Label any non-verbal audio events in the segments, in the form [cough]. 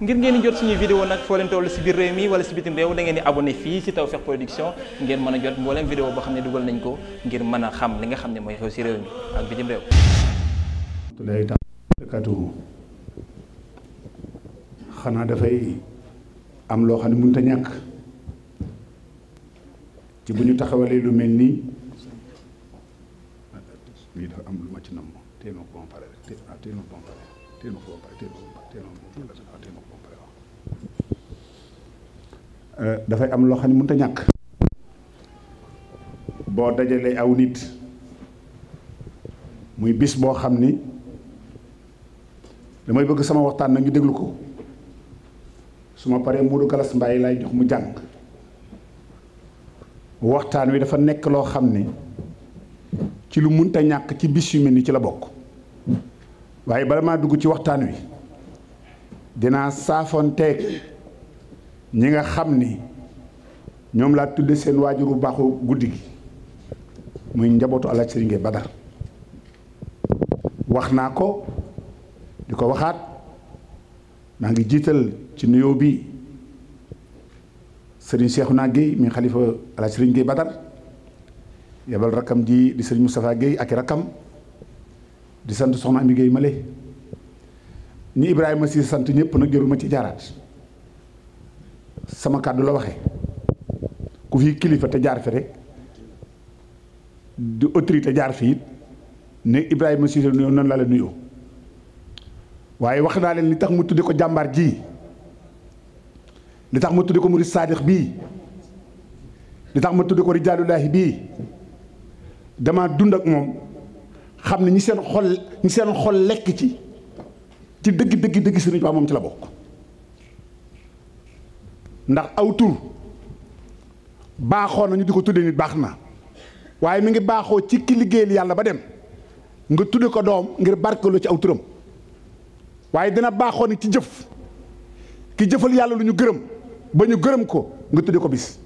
ngir ngeen di jot suñuy vidéo nag foo leen toll si biir réew mi wala si bitim réew da ngeen di abonné fii si Tawfekh Production ngeen mën a jot mbooleem vidéo boo xam ne dugal nañ ko ngir mën a xam li nga xam ne mooy xew si réew mi dafay am loo xam ne mënut a ñàkk ci bu ñu taxawalee lu mel nii lii dafa am lu ma ci namm téye ma ko ba pare rek Euh, dafay am loo xam ne mënut a ñàkk. boo dajalee aw nit muy bis boo xam ni damay bëgg sama waxtaan na ñu déglu ko su ma paree Modou Galas Mbaye lay jox mu jàng waxtaan wi dafa nekk loo xam ni ci lu mënta ñàkk ci bis yu mel ni ci la bokk waaye bala maa dugg ci waxtaan wi dinaa saafoonteeg ñi nga xam ni ñoom laa tudde seen waajur waajuru baaxu guddi gi muy njabootu alaaj Sëriñ Gueye Badar wax naa ko di ko waxaat maa ngi jiital ci nuyoo bi sëriñ Cheikhouna Gueye mi xalifa alaaj Sëriñ Gueye Badar yebal rakkam ji di sëriñ Moustapha Gueye ak i rakkam di sant soxna Ami Gueye Male ni Ibrahima si sant ñëpp nag jërul ma ci jaaraat sama kàddu la waxe ku fi kilifa te jaar fi rek di autorité jaar fi it ne Ibrahima Cissé nuyoo noonu laa la nuyoo waaye wax naa leen li tax mu tudde ko jàmbaar ji li tax ma tudde ko murid saadix bii li tax ma tudde ko rijaalulaahi bii dama dund ak moom xam ne ñi seen xol ñi seen xol lekk ci ci dëgg dëgg dëgg Sëriñ Tuubaa moom ci la bokk ndax aw tur baaxoon na ñu di ko tuddee nit baax na waaye mu ngi baaxoo ci ki liggéeyal yàlla ba dem nga tudde ko doom ngir barkeloo ci aw turam waaye dina baaxoo ni ci jëf ki jëfal yàlla lu ñu gërëm ba ñu gërëm ko nga tudde ko bis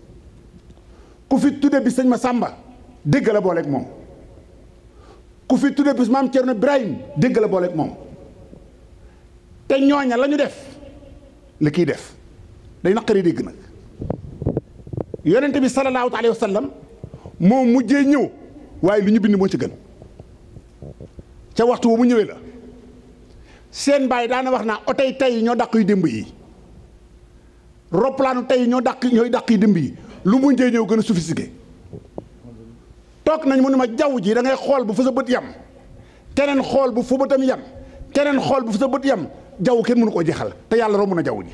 ku fi tudde bi sëñ ma sàmba dégg la moom ku fi tudde bis maam Cerno Ibrahim dégg la booleeg moom te ñooña la def li kiy def day naqari dégg nag yonente bi salallaahu alayhi wa sallam moo mujjee ñëw waaye lu ñu bind moo ci gën ca waxtu wu mu ñëwee la seen bàyyi daana wax naa otey tey ñoo daq yu démb yi roplaanu tey ñoo dàq ñooy daq yu démb yi lu mu mujjee ñëw gën a sophistiqué toog nañ mu ne ma jaww ji da ngay xool bu fa sa bët yam keneen xool bu fa bëtam yam keneen xool bu fa sa bët yam jaww kenn mënu koo jeexal te yàlla romb na jaww ji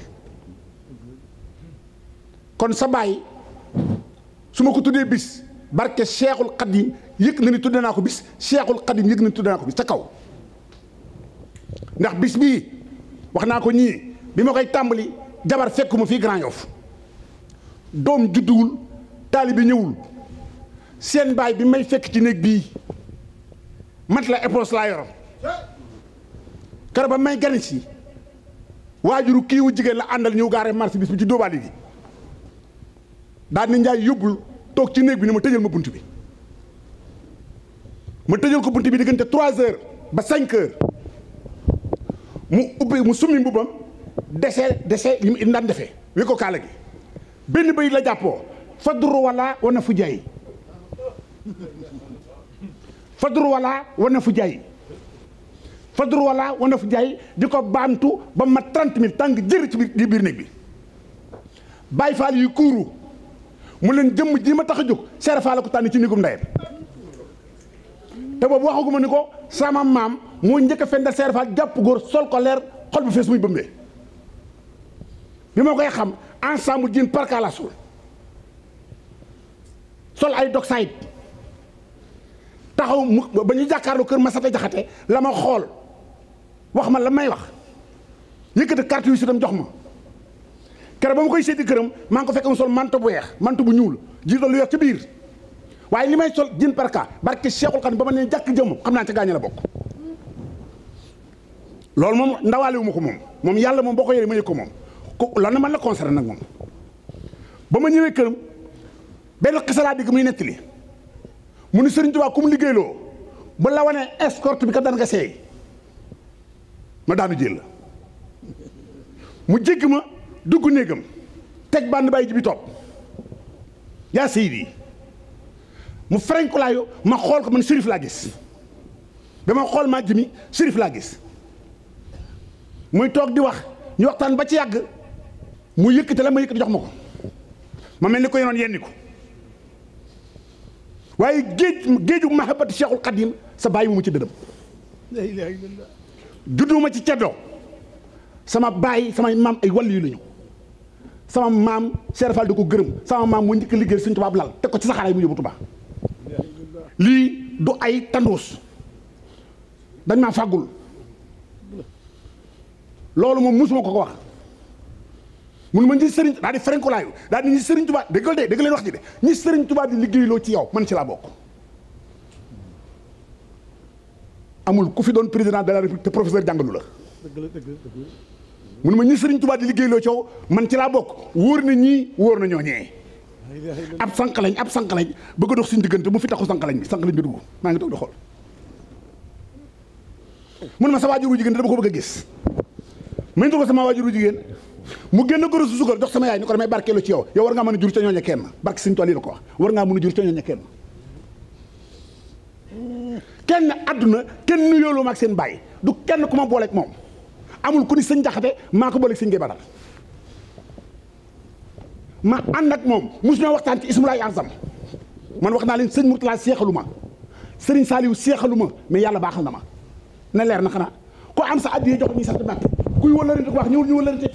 kon sa baay su ma ko tuddee bis barke Cheikhul yi yëg na ni tudd naa ko bis xat yi yëg na ni tudd naa ko bis sa kaw ndax bis bii wax naa ko ñii bi ma koy tàmbali jabar fekkuma fii Grand Yoff doom judduwul taalibi ñëwul seen baay bi may fekk ci néeg bii mat la épouse laa yor kër ba may gani si waajuru kii wu jigéen la àndal ñëw gaara marché bis bi ci dóobaali gi daal ni njaay yóbbul toog ci néeg bi ni ma tëjal ma bunt bi ma tëjal ko bunt bi diggante trois heures ba cinq heures mu ubbi mu summi mbubbam dese dese li mu it daan defee wi ko kaala gi benn bay la jàppoo fadru wala wana fu jaay fadru wala wana fu jaay fadru wala wana fu jaay di ko baamtu ba ma trente mille tànk jër ci biir néeg bi bàyyi faal yu kuuru mu leen jëmm jii ma tax a jóg Cheikh Fall la ko tànn ci nigum ndeyam te boobu waxaguma ni ko sama maam moo njëkk a fendal Cheikh Fall jàpp góor sol ko leer xol bu fees muy bëmbee bi ma koy xam ensemble jin parka la sol ay dog sayit taxaw mu ba ñu jàkkaarloo kër ma Masata Jaxate la ma xool wax ma la may wax yëkkati carte yu si dem jox ma keroog ba ma koy seeti këram maa ngi ko fekk mu sol mant bu weex manto bu ñuul jiital lu weex ca biir waaye li may sol jën parka barke Cheikhul Khadim ba ma ne jàkk jëm xam naa ca gaañ la bokk loolu moom ndawaalewu ma ko moom moom yàlla moom boo ko yoree ma yëg ko moom loolu na man la concerné nag moom ba ma ñëwee këram benn xisalaat bi muy nettali mu ni Sëriñ Tuubaa ku mu liggéeyloo ba la wane escorte bi ka daan nga seey ma daanu jël la mu jéggi ma dugg néegam teg bànn bàyyi ji bi topp yaa seydi mu fereñkulaayu ma xool ko man sérif laa gis dama xool maa jimi sérif laa gis muy toog di wax ñu waxtaan ba ci yàgg mu yëkkate la ma yëkkati jox ma ko ma mel ni ko yenoon yenni ko waaye géej géeju mahabati cheikhul xadim sa bàyyi mu mu ci dëdëm judduma ci ceddoo sama baay samay maam ay wàll yu la ñu sama maam Cheikh Fall di ko gërëm sama maam moo njëkk liggéey Sëñ Tuubaa lal teg ko ci saxaaraay mu bu Tuubaa lii du ay tandoos dañ maa fàggul loolu moom musuma ko ko wax mun ma ñi sëriñ daa di frenkolaayu daa di ñi sëriñ Tuubaa déggal dégg leen wax ji de ñi sëriñ Tuubaa di liggéeyloo ci yow man ci laa bokk amul ku fi doon président de la république te professeur jàngalu la mun ma ñi sëriñ Tuubaa di liggéey loo coow man ci laa bokk wóor na ñii wóor na ñoo ñee ab sànq lañ ab sànq lañ bëgg a dox suñu diggante mu fi taxu sànq lañ bi sànq lañ bi dugg maa ngi toog di xool mun ma sa waajuru jigéen dama ko bëgg a gis ma ñu ko sama waajuru jigéen mu génn góor su suukar jox sama yaay ni ko damay barkeelu ci yow yow war ngaa mën a jur ca ñooña kenn barke suñu tool yi la ko wax war ngaa mën a jur ca ñooña kenn kenn àdduna kenn ma seen bàyyi du kenn ku ma booleeg moom amul ku ni sëñ jaxate maa ko booleeg sëñ Gueye Badar ma ànd ak moom mosu ñoo waxtaan ci ismulaay arzam man wax naa leen sëñ Mourtala seexalu ma sëriñ Saliou seexalu ma mais yàlla baaxal na ma na leer na xanaa ko am sa addiya jox sa sant Mbàkke kuy wëlërante ku wax ñëwul ñu wëlërante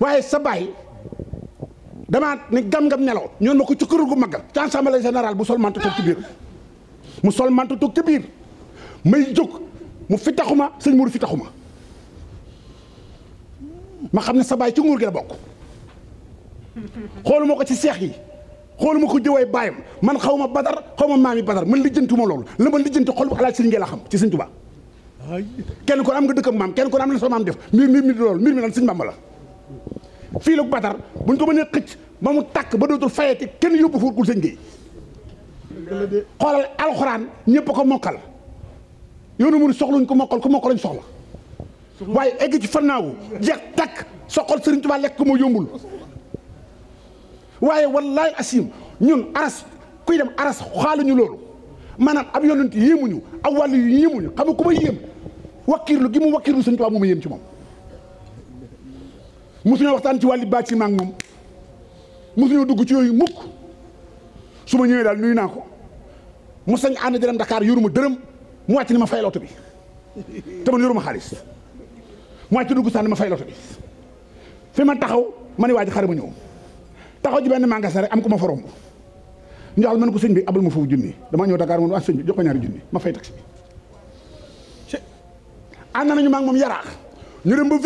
waaye sa baay damaa ne gam-gam nelaw ñoon ma ko ci kër gu mag ci assemblée générale bu sol manto toog ci biir mu sol manto toog ci may jóg mu fi taxuma sëñ Modou fi taxuma ma xam ne sa baay ci nguur gi la bokk xooluma ko ci seex yi xooluma ko jëwaay baayam man xaw ma badar xaw ma maami badar man lijjantuma loolu la ma lijjanti xol bu alaaj sëñ ngee la xam ci sëñ Tuubaa kenn kon am nga dëkkam maam kenn kon am na soo maam def mbir mbir mi loolu mbir mi lan sëñ Bamba la fii la badar buñ ko mënee xëcc ba mu tàkk ba dootul fayati kenn yóbbu fuur kul sëñ ngee xoolal alxuraan ñëpp ko mokkal yoonu mun soxluñ ku mokkal ku mokkal lañ soxla waaye egg ci fannaawu jeex takk soxal sëriñ Tuubaa lekk moo yombul waaye wallaay asim ñun aras kuy dem aras xaaluñu loolu maanaam ab yonent yéemuñu ab wàllu yu yéemuñu xam nga ku ma yéem wakkiirlu gi mu wakkiirlu sëriñ Tuubaa mu ma yéem ci moom mosuñoo waxtaan ci wàllu bàcc maag moom mosuñoo dugg ci yooyu mukk su ma ñëwee daal nuyu naa ko mos nañ ànd di dem Dakar yoruma dërëm mu wàcc ni ma fay oto bi te man yoruma xaalis mu wàcc dugg sànni ma fayal oto bi fi ma taxaw ma ne waa xare bu ñëw taxaw ci benn magasin rek am ko ma fa romb ñu joxal ko sëñ bi abal ma foofu junni dama ñëw Dakar ma ne ah sëñ bi jox ko ñaari junni ma fay taxi bi. ànd nañu ma ak moom yaraax ñu dem ba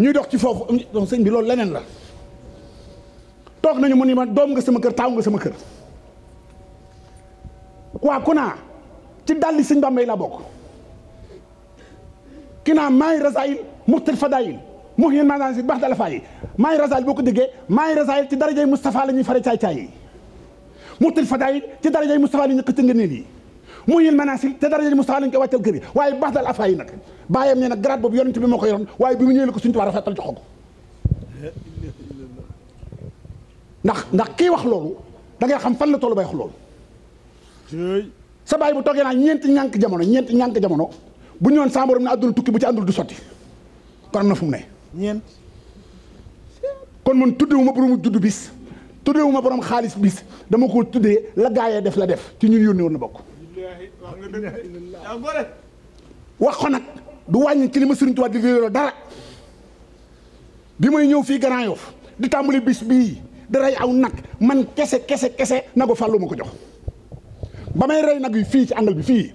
ñuy dox ci foofu donc sëñ bi loolu leneen la toog nañu mu ma doom nga sama kër taaw nga sama kër waa ku ci dalli sëñ Bamba yi la bokk ki naa maay rasaayil muxtal fadaayil mu xiin maanaam si baax dala fayi maay rasaayil boo ko déggee maay rasaayil ci darajay Moustapha la ñuy fare caay caay yi muxtal fadaayil ci darajay Moustapha la ñuy xëcc ngëneel yi mu xiin maanaam si te darajay Moustapha la ñu koy wàccal kër yi waaye baax dal afayi nag bàyyam ne nag grade boobu yonent bi moo ko yoroon waaye bi mu ñëwee la ko suñu tubaab rafetal jox ko ndax ndax wax loolu da xam fan la tollu bay sa baay bu toogee naa ñeenti ñànk jamono ñeenti ñànk jamono bu ñu woon sa borom ne àdduna tukki bu ci àndul du sotti kon a na fu mu ne. ñeent. kon man tuddewuma borom juddu bis tuddewuma borom xaalis bis dama ko tuddee la gaayee def la def ci ñun yónni woon na bokk. wax ko nag du wàññi ci li ma Sëriñ Tuubaa di liggéeyoo dara bi may ñëw fii Grand Yoff di tàmbali bis bii di aw nag man kese kese kese na fallu ma ko jox. ba may rey nag yi fii ci àngal bi fii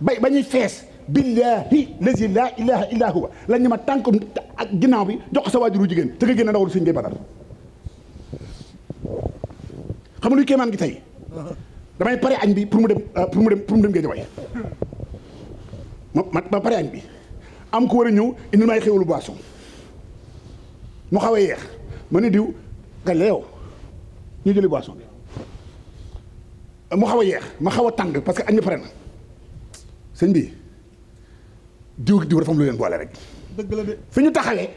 bay ba ñuy fees billahi lazi laa ilaha illa huwa ma tànk ak ginnaaw bi jox ko sa waajuru jigéen te nga génn ndawalu sëñ ngay badar xam nga luy kéemaan gi tey damay pare añ bi pour mu dem euh, pour mu dem pour mu dem géej ma pare añ bi am ko war a ñëw indi may xéwalu boisson mu xaw a yeex ma ne diw nga leew ñu jëli boisson bi mu xaw a yeex ma xaw a tàng parce que añ ma pare na sëñ bi diw diw dafa am lu leen boole rek. dëgg fi ñu taxawee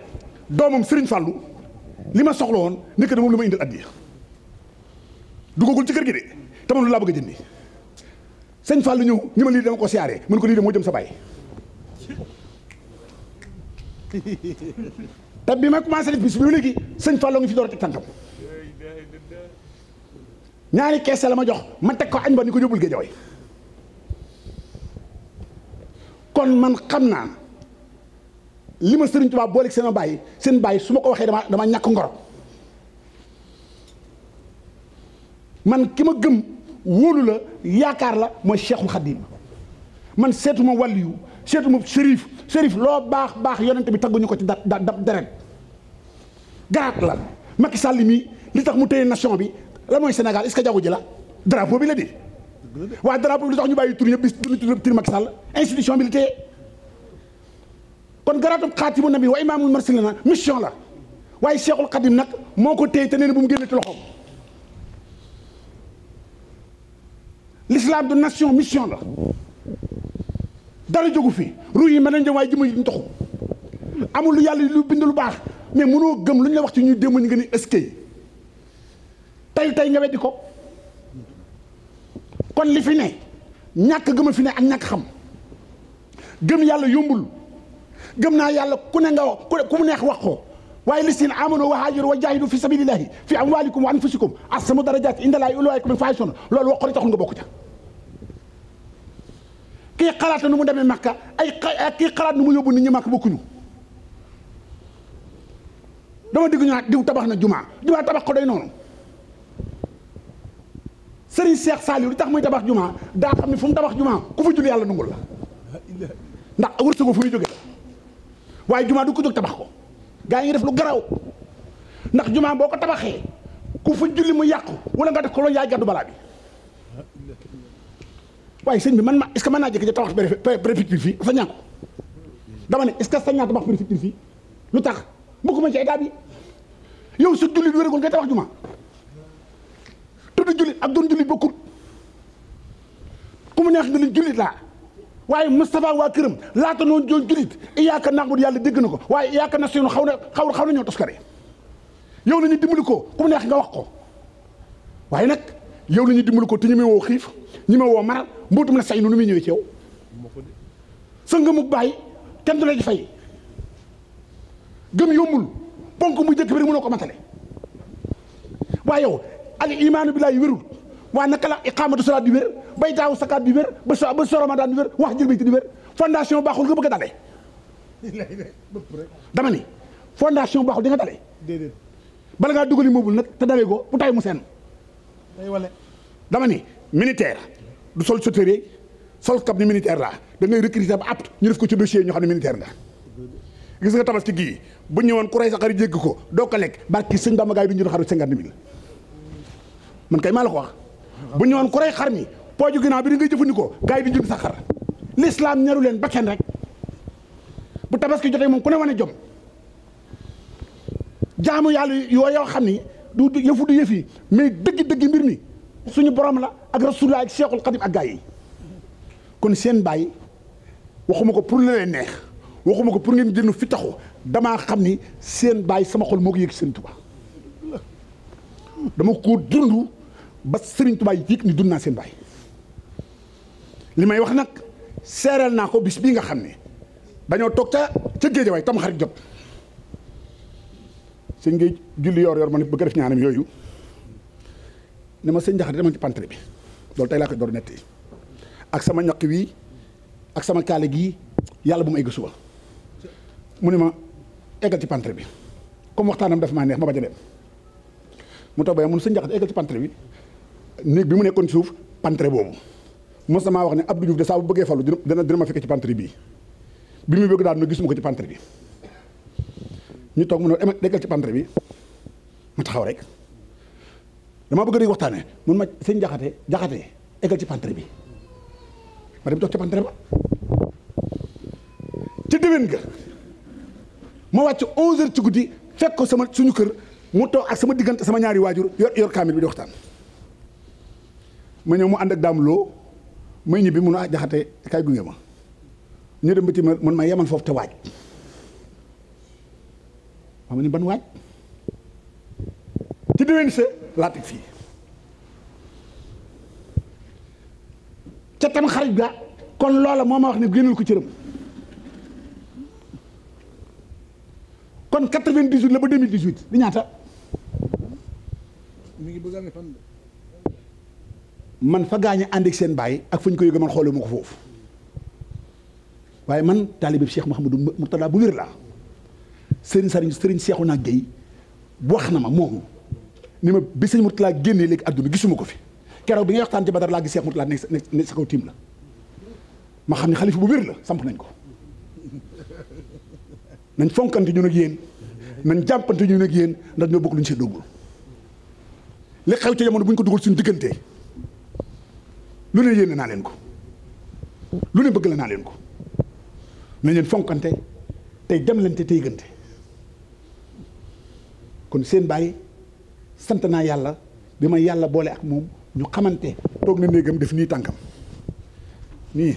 doomam Serigne Fallou li ma soxla woon nekk da moom lu ma indil addiya dugagul ci kër gi de te man lu laa bëgg a jëndi sëñ Fallou ñëw ñu ma lii dama ko siyaaree mën ko lii de moo jëm sa baay. [laughs] te bi ma commencé def bi bi léegi sëñ Fallou ngi fi door a teg tànkam. ñaari keese la ma jox ma teg ko añ ba ni ko yóbbul Géejawaay kon man xam naa li ma Sëriñ Tuubaa booleeg seen bàyyi seen bàyyi su ma ko waxee dama dama ñàkk ngoro man ki ma gëm wóolu la yaakaar la mooy Cheikhul ma man seetuma wàlliyu seetuma sërif sërif loo baax baax yonent bi tagguñu ko ci da da deret garaat la Macky Sall mi li tax mu téye nation bi la mooy Sénégal est-ce que jaww ji la drapeau bi la di waa drapeau bi lu tax ñu bàyyi tur yëpp bis du ñu tur Macky Sall institution bi la téye kon garaatum xaatimu nabi wa imaamul mursalina mission la waaye Cheikhul Khadim nag moo ko téye te nee na mu génne ci loxoom l'islam de nation mission la dara jógu fi ru yi mën nañ jëm waaye jëmm yi ñu taxu amul lu yàlla lu bind lu baax mais mënoo gëm lu ñu la wax ci ñuy démb ñu gën a eskay tey tey nga weddi ko kon li fi ne ñàkk gëma fi ne ak ñàkk xam gëm yàlla yombul gëm naa yàlla ku ne nga wax ku mu neex wax ko waaye listin amano wa haajaru wa jaahidu fi sabilillahi fi amwalikum wa anfusikum asamu darajat indalaay ulwaayikum faay sono loolu wax ko rek taxul nga bokk ca kii xalaat nu mu demee makka ay kii xalaat nu mu yóbbu ni ñu makka bokkuñu dama digg ñu diw tabax na jumaa jumaa tabax ko day noonu Serigne Cheikh Saliou li tax muy tabax juma daa xam ne fu mu tabax juma ku fa julli yàlla nungul la ndax wërsëgu fu muy jóge waaye juma du ko jóg tabax ko gaa yi ngi def lu garaw ndax juma boo ko tabaxee ku fa julli mu yàqu wala nga def ko loolu yaay gàddu balaa bi waaye sëñ bi man ma est-ce que mën naa jëkk ja tabax préfecture fii sa ñaan ko dama ne est-ce que sañ naa tabax fii lu tax bokkuma ci état bi yow su julli wéragul ngay tabax juma doon jullit ak doon jullit bokkul ku mu neex nga ni jullit laa waaye Moustapha waa këram laata noonu doon jullit iyaaka naaxbud yàlla dégg na ko waaye iyaaka na seenu xaw na xaw xaw na ñoo toskare yow la ñuy dimbali ko ku neex nga wax ko waaye nag yow la ñuy dimbali ko te ñu may woo xiif ñu may woo maral mbootum na say nu muy ñëwee ci yow sa nga mu bàyyi kenn du la di fay gëm yombul ponk mu jëkk bi rek mënoo ko matale waaye yow al imaanu billaahi wérul waa naka la iqaamatu salaat di wér bay taawu sakaat di wér ba so ba so ramadan di wér wax jël bayti di wér fondation baaxul nga bëgg a dalee dama ni fondation baaxul di nga dalee bala ngaa dugal immeuble nag te dalee ko bu tay mu seen dama ni militaire du sol sotérie sol kab ni militaire la da ngay recruter ba apte ñu def ko ci dossier ñu xam ne militaire nga gis nga tabaski gii bu ñëwoon ku rey sa xar jégg ko man kay maa la ko wax bu ñëwoon ku rey xar mi pooju ginnaaw bi di ngay jëfandikoo gars bi di jënd sa xar l'islam ñaru leen bakken rek bu tabaski jotee moom ku ne wane jom jaamu yàlla yoo yoo xam ni du yëfu du yëf yi mais dëgg-dëgg mbir mi suñu borom la ak rasulullah ak cheikhul xadim ak gars yi kon seen baay waxuma ko pour la leen neex waxuma ko pour ngeen jënd fi taxu damaa xam ni seen baay sama xol moo ko yëg seen tuba dama ko dund ba sëriñ Touba yi yëg ni dund naa seen baay li may wax nag seereel naa ko bis bii nga xam ne dañoo toog ca ca géejawaay tam xarit jot sëñ ngay julli yor yor ma ne bëgg def ñaanam yooyu ne ma sëñ Ndiakhate dama ci pantre bi loolu tey laa koy door netti ak sama ñaq wi ak sama kaali gi yàlla bu ma egg suba mu ni ma eggal ci pantre bi comme waxtaanam dafa maa neex ma bañ a dem mu tax ba mun sëñ Jaxate eggal ci pantre bi néeg bi mu nekkoon ci suuf pantre boobu mos sama maa wax ne Abdou Diouf de saa bëggee falu dina dina ma fekk ci pantre bii bi muy bëgg daal na gisuma ko ci pantre bi ñu toog mu ne ci pantre bi ma taxaw rek damaa bëgg rek waxtaane mun ma sëñ Jaxate Jaxate eggal ci pantre bi ma dem toog ca pantre ba ca déwén ga ma wàcc 11 ci guddi fekk ko sama suñu kër mu toog ak sama diggante sama ñaari waajur yor yor kaamil bi di waxtaan ma ñëw mu ànd ak daam loo may ñibbi mun a jaxate kay gunge ma ñu dem ba ci man ma yemal foofu te waaj ma ni ban waaj ci déwén sa laa teg fii ca tam xarit ga kon loola moo ma wax ne génnul ko cëram kon quatre-vingt-dix-huit la ba deux mille dix di ñaata man fa gaañ a ànd ak seen bàyyi ak fu ñu ko yëgee man xoolu ko foofu waaye man taalibe Cheikh Mouhamadou Mourtada bu wér laa sëriñ sëriñ seexu Cheikhouna Gueye wax na ma moom ni ma bi sëñ Mourtada génnee léegi àdduna gisuma ko fi keroog bi nga ngay waxtaan ci Badar laa gis Cheikh Mourtada nekk sa kaw tiim la ma xam ne xalifa bu wér la samp nañ ko nañ fonkante ñu nag yéen nañ jàmpante ñu nag yéen ndax ñoo bokk lu ñu see doggul li xew ci jamono bu ñu ko dugal suñu diggante lu ne yéene naa leen ko lu ne bëgg la naa leen ko nañ leen fonkante tey demlante tey gënte kon seen bàyyi sant naa yàlla bi ma yàlla boole ak moom ñu xamante toog na néegam def nii tànkam nii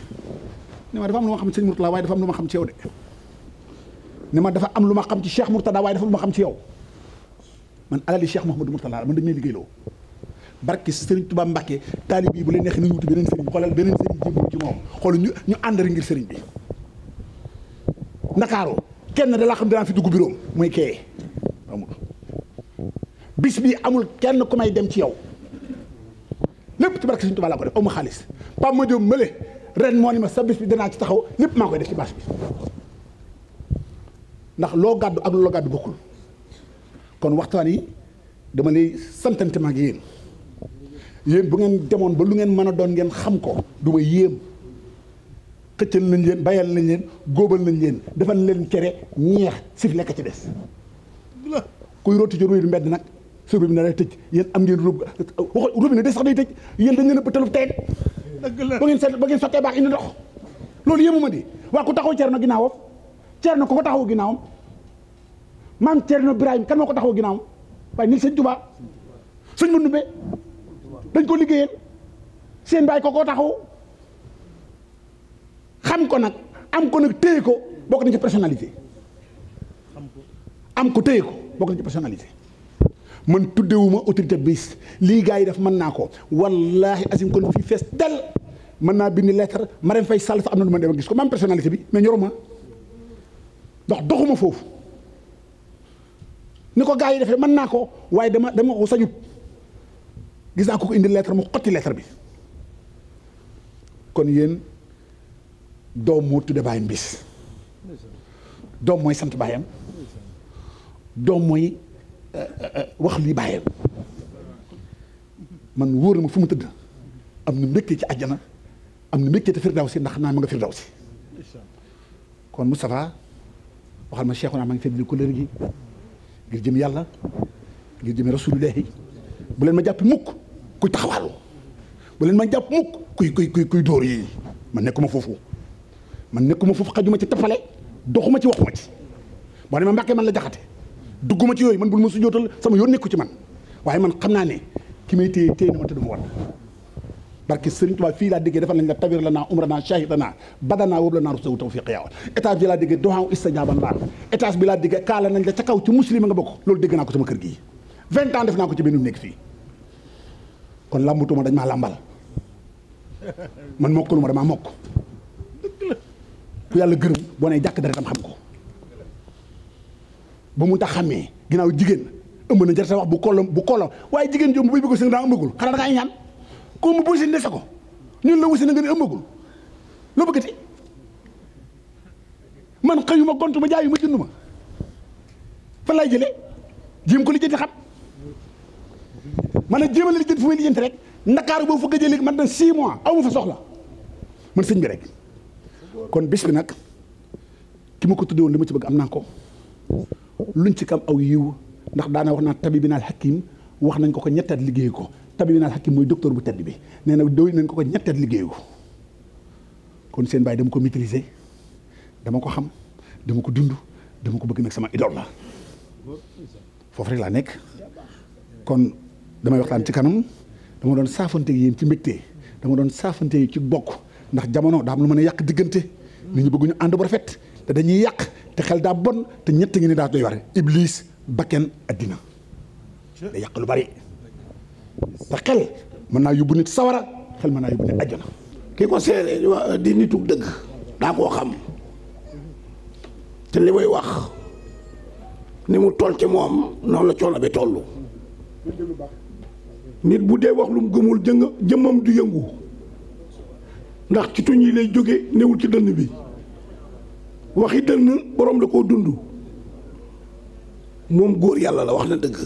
ne ma dafa am lu ma xam ci sëñ Mourtada waaye dafa am lu ma xam ci yow de ne ma dafa am lu ma xam ci Cheikh Mourtada waaye dafa am lu ma xam ci yow man alali Cheikh Mouhamadou Mourtala man dañ may liggéeyloo barke Serigne Touba Mbacke taalib yi bu leen neexee nañu wuti beneen Serigne xoolal beneen Serigne jébbalu ci moom xoolal ñu ñu àndari ngir Serigne bi. Ndakaaru kenn da laa xam dinaa fi dugg biroom muy kee amul bis bi amul kenn ku may dem ci yow lépp ci barke Serigne Touba laa ko def aw ma xaalis Pape Madiop Mbale ren moo ni ma sa bis bi danaa ci taxaw lépp maa koy def ci bâche bi ndax loo gàddu ak loo gàddu bokkul. kon waxtaan yi dama lay santante ma ak yéen bu ngeen demoon ba lu ngeen mën a doon ngeen xam ko du ma yéem xëccal nañ leen bayal nañ leen góobal nañ leen defal leen cere ñeex sif lekk ci des kuy rooti ci ruy du mbedd nag su robinet lay tëj yéen am ngeen rub wax robinet day sax day tëj yéen dañ leen a bëttalu teen ba ngeen set ba ngeen sottee baax indi ndox loolu yéemu ma di waa ko taxaw ceer na ginnaawam ceer na ko ko taxaw ginnaawam maam Thierno Birahim kan moo ko taxaw ginnaawam waaye ni sëñ Tuubaa sëñ nu ndumbe dañ ko liggéeyal seen baay ko koo taxaw xam ko nag am ko nag téye ko bokk nañ ci personnalité am ko téye ko bokk nañ ci personnalité man tuddewuma autorité bis lii gars yi def mën naa ko wallahi asim kon fii fees dal mën naa bind lettre Marème Faye Sall sax am na du ma dem a gis ko ma am bi mais ñoruma ndox doxuma foofu ni ko gaa yi defee mën naa ko waaye dama dama ko sañut gis naa ko ko indi lettre mu xotti lettre bi kon yéen doom moo tudde baayam bis doom mooy sant baayam doom mooy euh, euh, euh, wax lii baayam man wóor na ma fu mu tëdd am na mbégte ci àjjana am na mbégte te firdaw si ndax naa ma nga firdaw si kon Moustapha waxal ma Cheikhouna ma ngi fedd di ko leer gi ngir jëm yàlla ngir jëm rasulullahi bu leen ma jàpp mukk kuy taxawaalu bu leen ma jàpp mukk kuy kuy kuy kuy dóor yi man nekkuma foofu man nekkuma foofu xajuma ci tappale doxuma ci waxuma ci boo ne ma mbàkkee man la jaxate dugguma ci yooyu man bul ma su jootal sama yoon nekku ci man waaye man xam naa ne ki may téye téye na ma te du ma war barke Serigne Touba fii laa déggee defal nañ la tabir la naa umra naa shahid la naa bada naa wóob la naa rus taw tawfiq yaawan étage bi laa déggee doxaaw istijaabaan laa étage bi laa déggee kaala nañ la ca kaw ci muslima nga bokk loolu dégg naa ko sama kër gii vingt kon làmbutuma dañ maa làmbal man mokkuluma damaa mokk ku yàlla gërëm boo nee jàkk dara tam xam ko ba mun tax xamee ginnaaw jigéen ëmb na jarata wax bu kolom bu kolom waa jigéen jom bu bay bëgg sëñ daa ëmbagul ko mu buusi ndese ko ñun la wusi na nga ne ëmbagul loo bëggati man xëyuma gontuma jaayuma ma fan laay jëlee jéem ko lijjanti xam man a jéem a lijjanti fu may lijjanti rek ndakaaru boobu foog a jëlee man na 6 mois aw ma fa soxla man sëñ bi rek. kon bis bi nag ki ma ko tuddee woon li ma ci bëgg am naa ko luñ ci kam aw yiw ndax daana wax naa bi naa hakim wax nañ ko ko ñettaat liggéey ko. tabibinal xakim mooy docteur bu tedd bi nee na doy nañ ko ko ñett liggéeyu kon seen baay dama ko maîtriser dama ko xam dama ko dund dama ko bëgg nag sama idole la foofu rek laa nekk kon damay waxtaan ci kanam dama doon saafante yéen ci mbégte dama doon saafante yi ci bokk ndax jamono daa am lu mën a yàq diggante nit ñu bëgg ñu ànd bu rafet te dañuy yàq te xel daa bon te ñett ngi ne daa doy war iblis bakken àddina da yàq lu bari te xel mën naa yóbbu nit sawara xel mën naa yóbbu nit àjjana ki ko seede di nitu dëgg daa koo xam te li muy wax ni mu toll ci moom noonu la coono bi toll nit bu dee wax lu mu gëmul jëng jëmmam du yëngu ndax ci tuñ yi lay jóge néewul ci dënn bi waxi dënn boroom da koo dund moom góor yàlla la wax na dëgg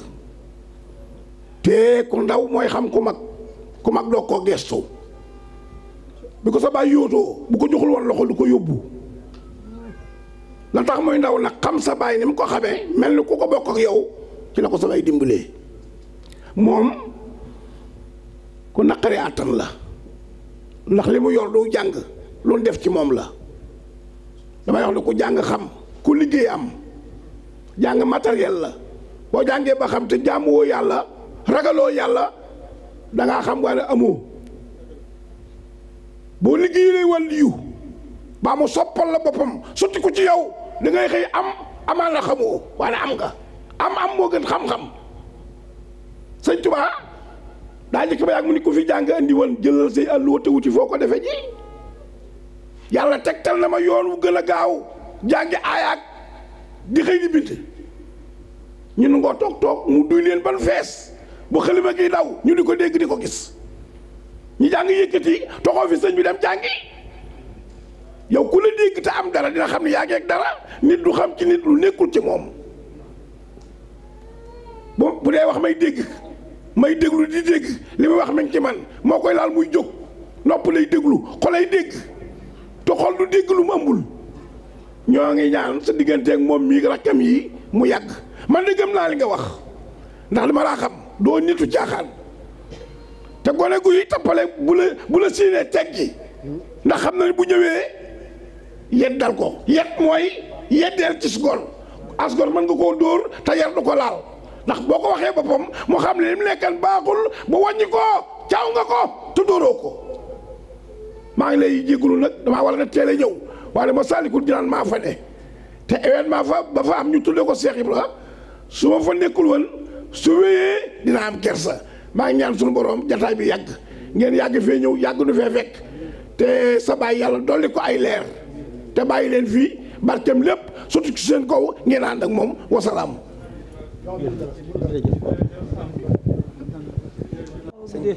te ku ndaw mooy xam ku mag ku mag doo ko gestu bi ko sa baay yóotoo bu ko joxul woon loxo du ko yóbbu la tax muy ndaw nag xam sa baay ni mu ko xamee mel ni ku ko bokk ak yow ci la ko sa baay dimbalee moom ku naqari àttan la ndax li mu yor du jàng loolu def ci moom la damay wax ne ku jàng xam ku liggéey am jàng matériel la boo jàngee ba xam te jaamuwoo yàlla ragaloo yàlla da ngaa xam waaye amoo boo liggéeyee wàll yu baa mu soppal la boppam sotti ko ci yow dangay xëy am amaan na xamoo waaye am nga am am moo gën xam-xam sëñ Tuubaa daa njëkk ba yàgg mu ni ko fi jàng andi woon jëlal say àlluwa te wuti foo ko defe ji yàlla tegtal na ma yoon wu gën a gaaw jàngi aayaak di xëy di bind ñu nu ngoo toog toog mu duy leen ban fees bu xalima gi daw ñu di ko dégg di ko gis ñu jàng yëkkati toxoo fi sëñ bi dem jàngi yow ku la dégg te am dara dina xam ne yaa ngeeg dara nit du xam ci nit lu nekkul ci moom bu bu dee wax may dégg may déglu di dégg li muy wax meñ ci man moo koy laal muy jóg nopp lay déglu xolay dégg te xol du dégg lu mu ëmbul ñoo ngi ñaan sa digganteeg moom mii rakkam yi mu yàgg man de gëm naa li nga wax ndax dama laa xam doo nitu caaxaan te gone guy tappale bu la bu la siinee teggi ndax xam na ne bu ñëwee yeddal ko yet mooy yeddeel ci sgol asgor mën nga koo dóor te yar du ko laal ndax boo ko waxee boppam mu xam ne li mu nekkan baaxul bu wàññi ko caaw nga ko te dóoroo ko maa ngi lay jégalu nag damaa war a teel a ñëw waaye ma saalikul jinaan maa fa ne te événement fa ba fa am ñu tuddee ko Cheikh Ibra su ma fa nekkul woon su wéyee dina am kersa maa ngi ñaan suñu borom jataay bi yàgg ngeen yàgg fee ñëw yàgg du fee fekk te sa bàyyi yàlla dolli ko ay leer te bàyyi leen fii barkeem lépp sotti ci seen kaw ngeen ànd ak moom wasalaam. Sedih.